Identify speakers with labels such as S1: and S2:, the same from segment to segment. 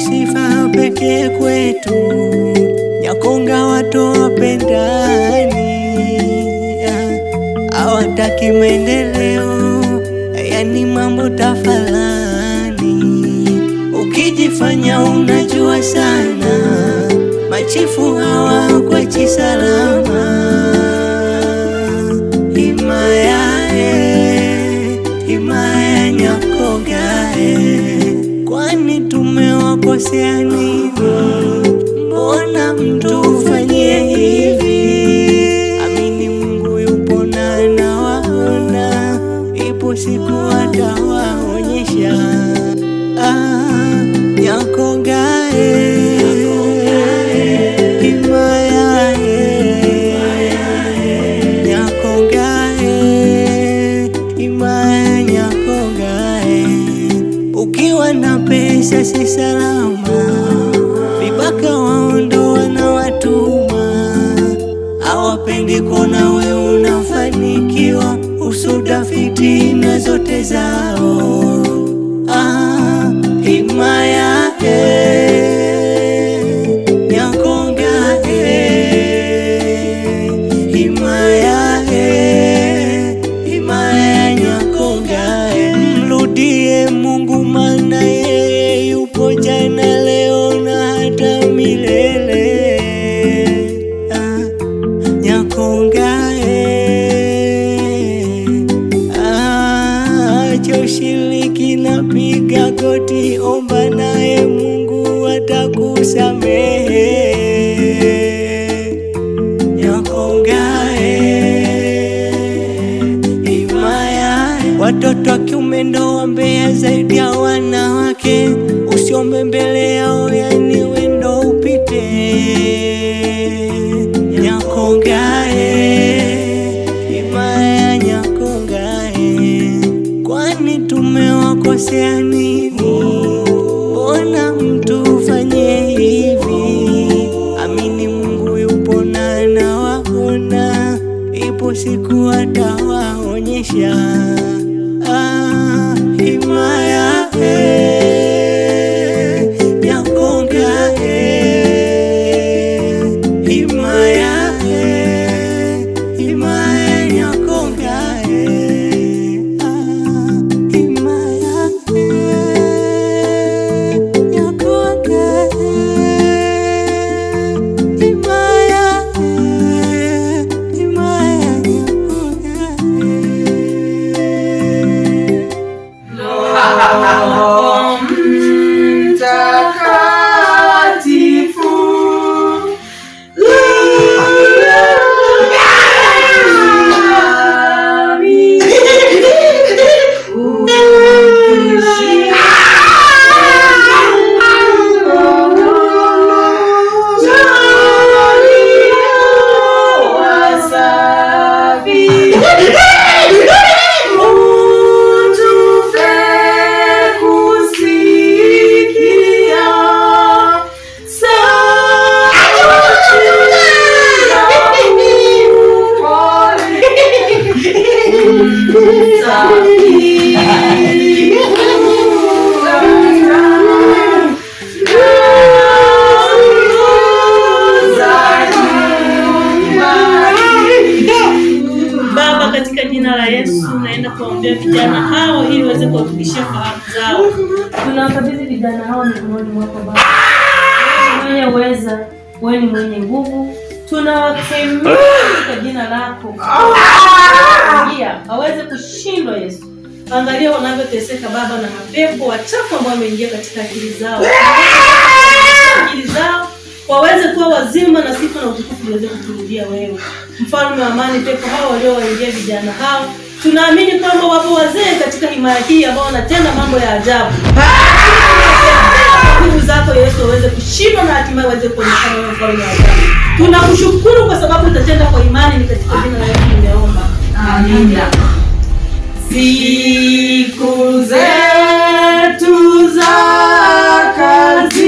S1: sifa pekee kwetu, Nyakonga watu wapendani, hawataki maendeleo, yani mambo tafalani. Ukijifanya unajua sana, machifu hawa kwa salama nimekosea Mbona mtu ufanyie hivi? siku atawaonyesha. Ah. Esaú. nimekukosea nini? Mbona mtu ufanye hivi? Amini Mungu yupo na anawaona, ipo siku atawaonyesha. Ah, himaya eh.
S2: kuteseka Baba na mapepo wachafu ambao wameingia katika akili zao akili zao waweze kuwa wazima na sifa na utukufu uweze kukurudia wewe, mfalme wa amani. Pepo hao waliowaingia vijana hao, tunaamini kwamba wapo wazee katika himaya hii ambao wanatenda mambo ya ajabu. Nguvu zako Yesu waweze kushindwa na hatimaye waweze kuonekana wewe, mfalme wa amani. Tunakushukuru kwa sababu utatenda kwa imani, ni katika jina la Yesu nimeomba,
S3: amina
S4: siku zetu za kazi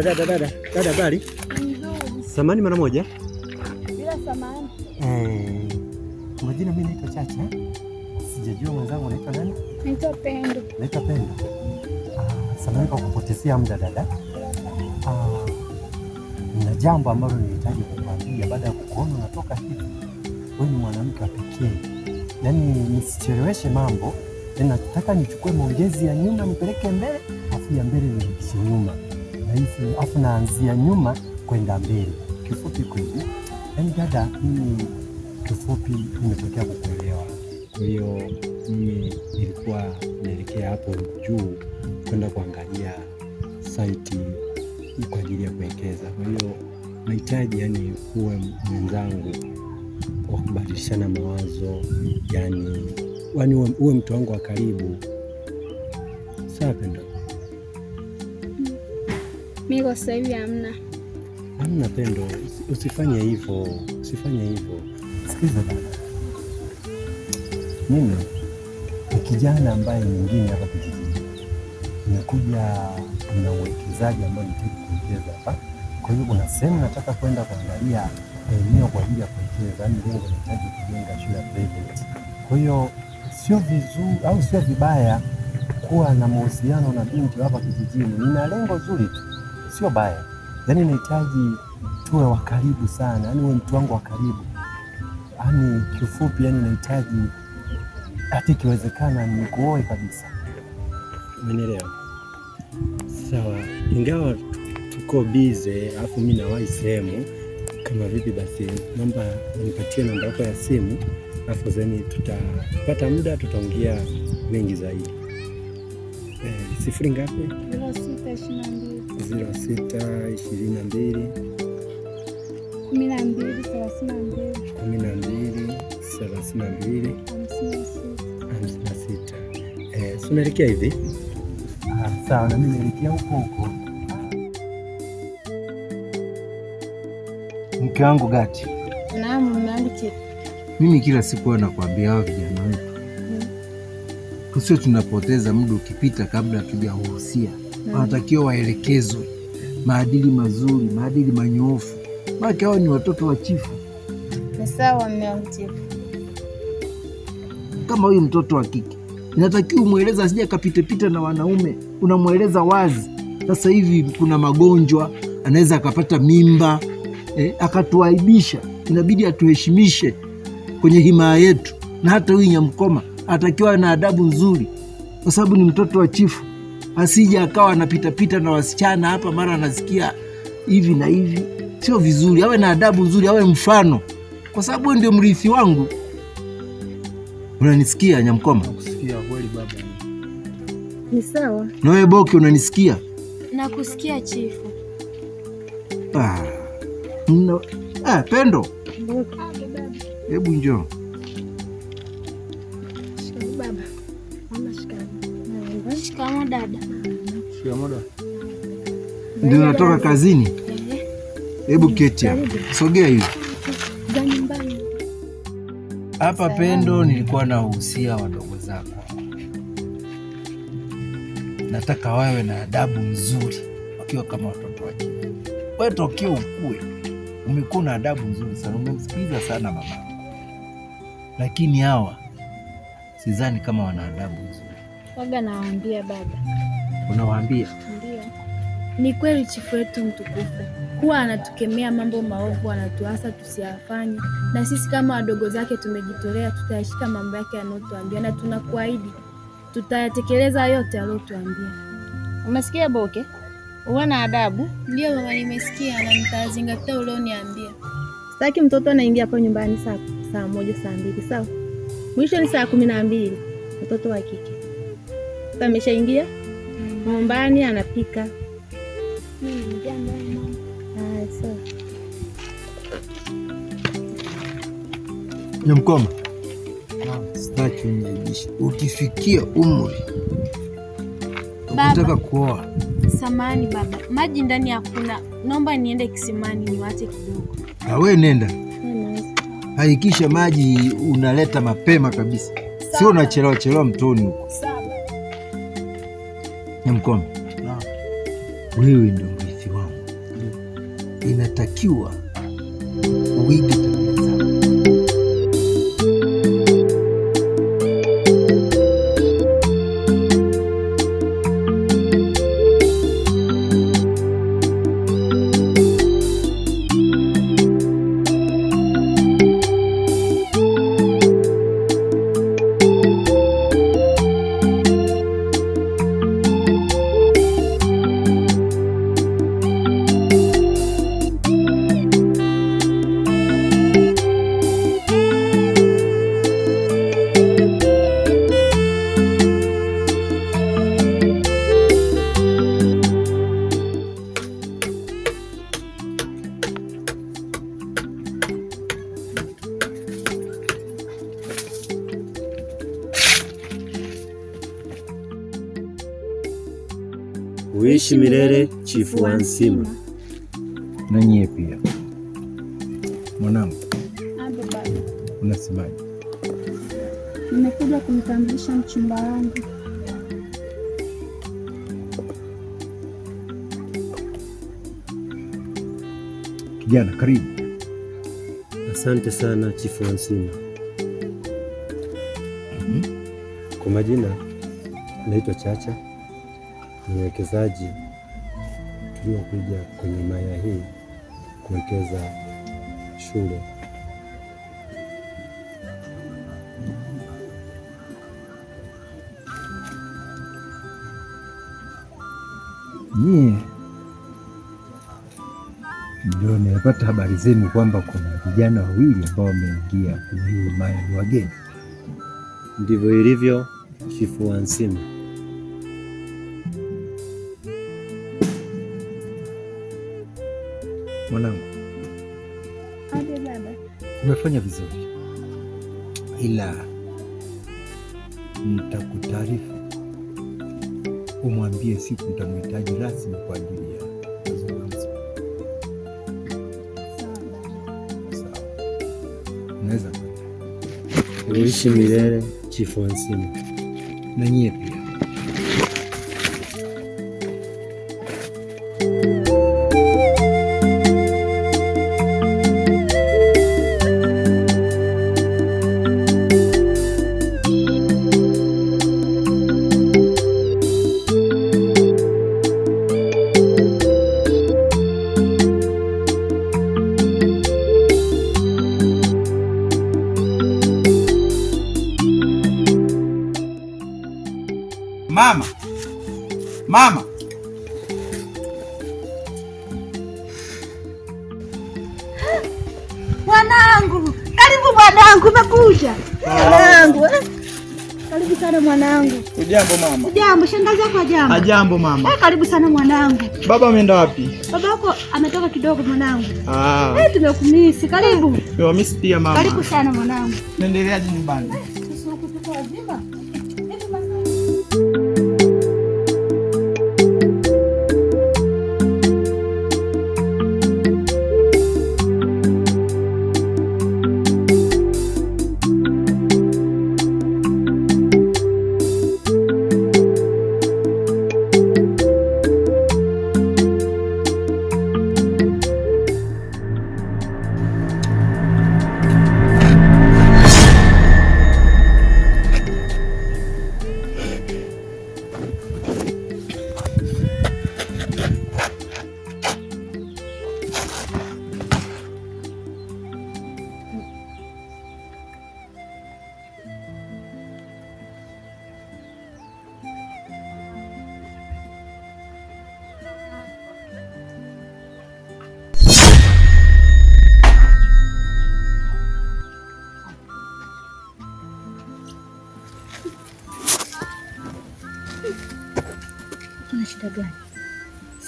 S5: dada dada dada dada, bali samani mara moja
S6: bila samani.
S5: Eh, majina mimi naitwa Chacha, sijajua mwenzangu naitwa nani?
S6: Naitwa Pendo.
S5: Naitwa Pendo. Ah, samani kwa kupotezea muda dada. Ah, na jambo ambalo nilihitaji kukwambia baada ya kukuona unatoka hivi. Wewe ni mwanamke pekee, yaani nisicheleweshe mambo, yaani, nataka nichukue maongezi ya nyuma nipeleke mbele, afu ya mbele nirudishe nyuma rahisi, afu naanzia nyuma kwenda mbele. Kifupi kweli, yaani dada, mimi kifupi nimetokea kukuelewa. Kwa hiyo mimi nilikuwa naelekea hapo juu kwenda kuangalia saiti kwa ajili ya kuwekeza. Kwa hiyo nahitaji yani uwe mwenzangu wa kubadilishana mawazo, yani yani uwe mtu wangu wa karibu. Sawa pendo.
S6: Mimi kwa sasa hivi hamna.
S5: Hamna Pendo, usifanye hivyo, usifanye hivyo. Sikiza bana, mimi ni kijana ambaye mwingine hapa kijijini, nimekuja na uwekezaji ambao nitaki kuwekeza hapa. Kwa hiyo kuna sehemu nataka kwenda kuangalia eneo kwa ajili ya kuwekeza, yaani lengo nahitaji kujenga shule ya private. Kwa hiyo sio vizuri au sio vibaya kuwa na mahusiano na binti hapa kijijini, nina lengo zuri tu sio baya, yaani nahitaji tuwe wa karibu sana, yaani wewe mtu wangu wa karibu, yaani kifupi, yaani nahitaji hata ikiwezekana nikuoe kabisa, umenielewa? Sawa, ingawa tuko bize, alafu mimi nawahi sehemu kama vipi, basi namba nipatie namba yako ya simu, alafu zeni tutapata muda tutaongea mengi zaidi sifuri ngapi? sita ishirini na mbili
S6: kumi na mbili thelathini na
S5: mbili hamsini na sita. Sunaelekea eh, hivi ah, sawa, na mimi naelekea huko huko. Mke wangu Gati, mimi kila siku nakwambia hao vijana tusio tunapoteza muda ukipita kabla hatujahusia. Mm. Wanatakiwa waelekezwe maadili mazuri, maadili manyoofu, maake hawa ni watoto wa chifu. Ni sawa Kama huyu mtoto wa kike inatakiwa umweleza asija akapitepita na wanaume, unamweleza wazi. Sasa hivi kuna magonjwa, anaweza akapata mimba eh, akatuaibisha. Inabidi atuheshimishe kwenye himaya yetu, na hata huyu Nyamkoma atakiwa na adabu nzuri, kwa sababu ni mtoto wa chifu, asije akawa anapitapita na wasichana hapa, mara anasikia hivi na hivi. Sio vizuri, awe na adabu nzuri, awe mfano, kwa sababu ndio mrithi wangu. Unanisikia Nyamkoma? Nakusikia kweli baba. Ni sawa. Na wewe Boki, unanisikia?
S6: Nakusikia chifu.
S5: Ah. Ah, Pendo, hebu njoo. dada. Shikamoo dada. Ndio natoka kazini. Eh. Hebu keti hapa. Sogea hivi.
S6: Za nyumbani.
S5: Hapa Pendo, nilikuwa na uhusia wadogo zako. Nataka wawe na adabu nzuri wakiwa kama watoto wake kike. Wewe ukue umekuwa na adabu nzuri sana, umemsikiliza sana mama, lakini hawa sidhani kama wana adabu nzuri.
S6: Waga nawaambia baba. Unawaambia? Ndio. Ni kweli chifu wetu mtukufu huwa anatukemea mambo maovu, anatuasa tusiyafanye, na sisi kama wadogo zake tumejitolea, tutayashika mambo yake anayotuambia, na tunakuahidi tutayatekeleza yote aliyotuambia. Umesikia Boke? Uwe na adabu. Ndio mama, nimesikia na nitazingatia ulioniambia. Sitaki mtoto anaingia hapo nyumbani saa saa moja saa mbili sawa, mwisho ni saa kumi na mbili mtoto wa kike sasa ameshaingia nyumbani anapika.
S5: Nyamkoma, sitaki unyaibisha. Ukifikia umri nataka kuoa.
S6: Samani baba, maji ndani hakuna, naomba niende kisimani niwate kidogo.
S5: Na nenda, hakikisha maji unaleta mapema kabisa, sio unachelewa chelewa mtoni huko. Nyamkoma, wewe ndio mrithi wangu, inatakiwa uige uishi milele chifu wa Nsima. Na nyie pia mwanangu, unasemaje?
S6: Nimekuja kumtambulisha mchumba wangu.
S5: Kijana, karibu. Asante sana chifu wa Nsima. Mhm. Kwa majina naitwa Chacha mwekezaji uwekezaji tuliokuja kwenye maya hii kuwekeza shule. Nyie ndio nimepata habari zenu kwamba kuna vijana wawili ambao wameingia kwenye hii maya, ni wageni. Ndivyo ilivyo, chifu wa Nsimu. Mwanangu, Umefanya vizuri, ila nitakutaarifu umwambie siku nitamhitaji rasmi kwa ajili ya mazungumzo. Naweza uishi milele, Chifu Nsimu, na nyie pia.
S6: mwanangu, umekuja ah. mwanangu. Eh. Karibu sana mwanangu.
S5: Ujambo mama.
S6: Ujambo shangazi yako ajambo?
S5: Ajambo mama.
S6: Eh, karibu sana mwanangu.
S5: Baba ameenda wapi?
S6: Baba yako ametoka kidogo mwanangu. Ah. Eh, tumekumisi. Karibu.
S5: Tumekumisi pia mama.
S6: Karibu sana mwanangu.
S5: Naendeleaje nyumbani? Eh.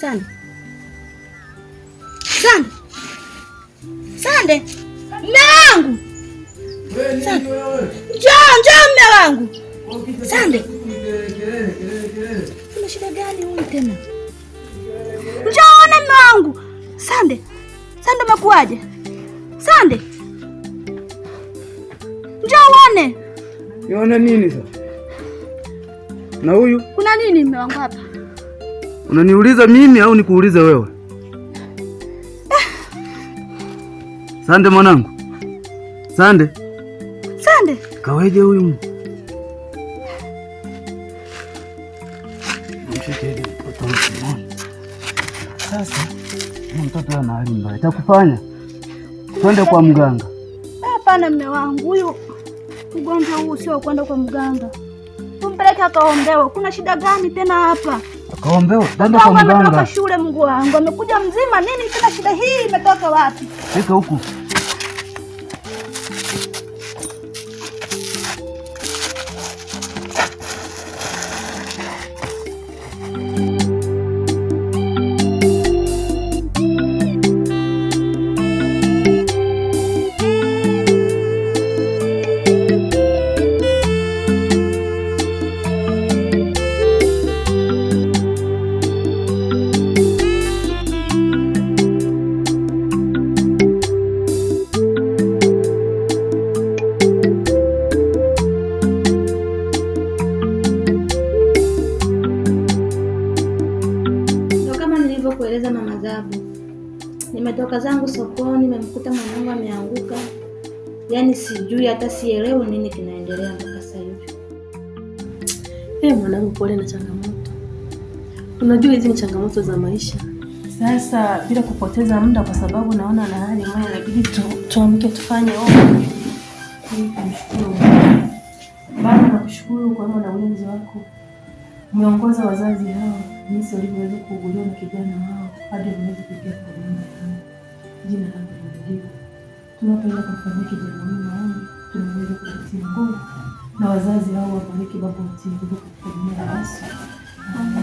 S6: Sande. Sande. Sande. Mme wangu. Sande. Njoo, njoo mme wangu. Sande. Kuna shida gani huyu tena? Njoo na mme wangu. Sande. Sande umekuaje? Sande. Njoo uone.
S5: Yona nini sasa? Na huyu?
S6: Kuna nini mme wangu hapa?
S5: Unaniuliza mimi au nikuulize wewe? Ah. Sande mwanangu. Sande. Sande. Kaweje huyu? Sasa mtoto ana hali mbaya. Takufanya twende kwa mganga.
S6: Hapana, mme wangu, huyu mgonjwa huu sio kwenda kwa mganga, umpeleke akaombewa Kuna shida gani tena hapa?
S5: Kaombeo dada kwa mganga.
S6: Shule Mungu wangu amekuja mzima nini tena shida hii imetoka wapi? Fika huku. Unajua hizi ni changamoto za maisha. Sasa bila kupoteza muda, kwa sababu naona na hali moja, inabidi tuamke tufanye ombi. Kumshukuru nakushukuru kwa na ulinzi wako. Umeongoza wazazi hao jinsi walivyoweza kuugulia na kijana wao hadi wameweza kufikia huduma. Jina lako litukuzwe. Tunapenda kumfanyia kijana huyu maana tunaweza kupatia nguvu na wazazi hao wabariki Baba mtii katika jina la Amen.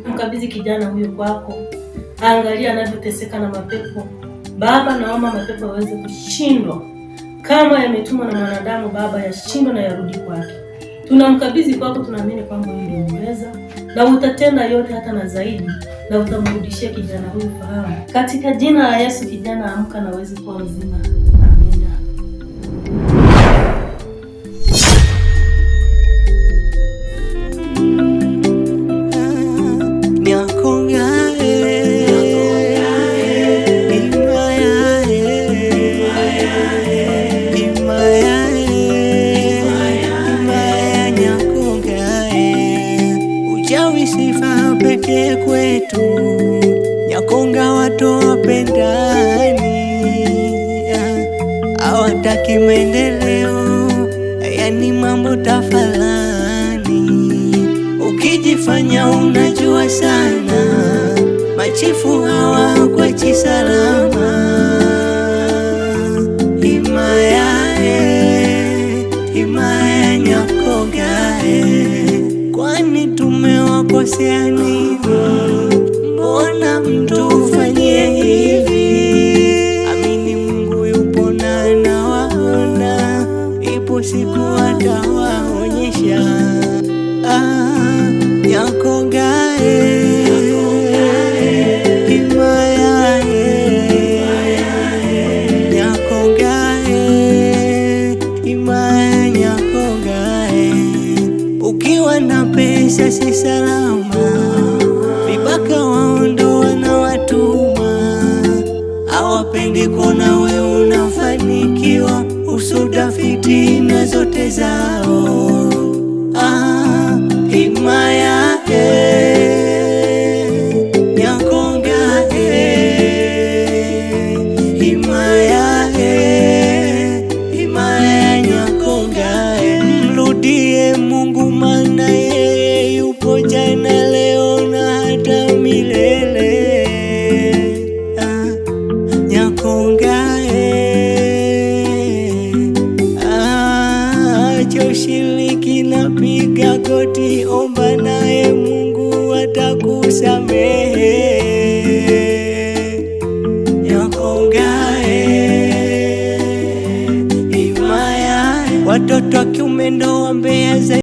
S2: kabizi kijana huyu kwako, angalia anavyoteseka na mapepo. Baba, naomba mapepo yaweze kushindwa, kama yametumwa na mwanadamu Baba, yashindwe na yarudi kwake. Tunamkabidhi kwako, tunaamini kwamba yeye uweza na utatenda yote hata na zaidi, na utamrudishia kijana huyu fahamu katika jina la Yesu. Kijana amka na uweze kuwa mzima.
S1: kimaendeleo, yani mambo tafadhali. Ukijifanya unajua sana, machifu hawa kwa chisalama Himayae, himaya Nyakogae, kwani tumewakosea nini? Mbona mtu hatima zote zao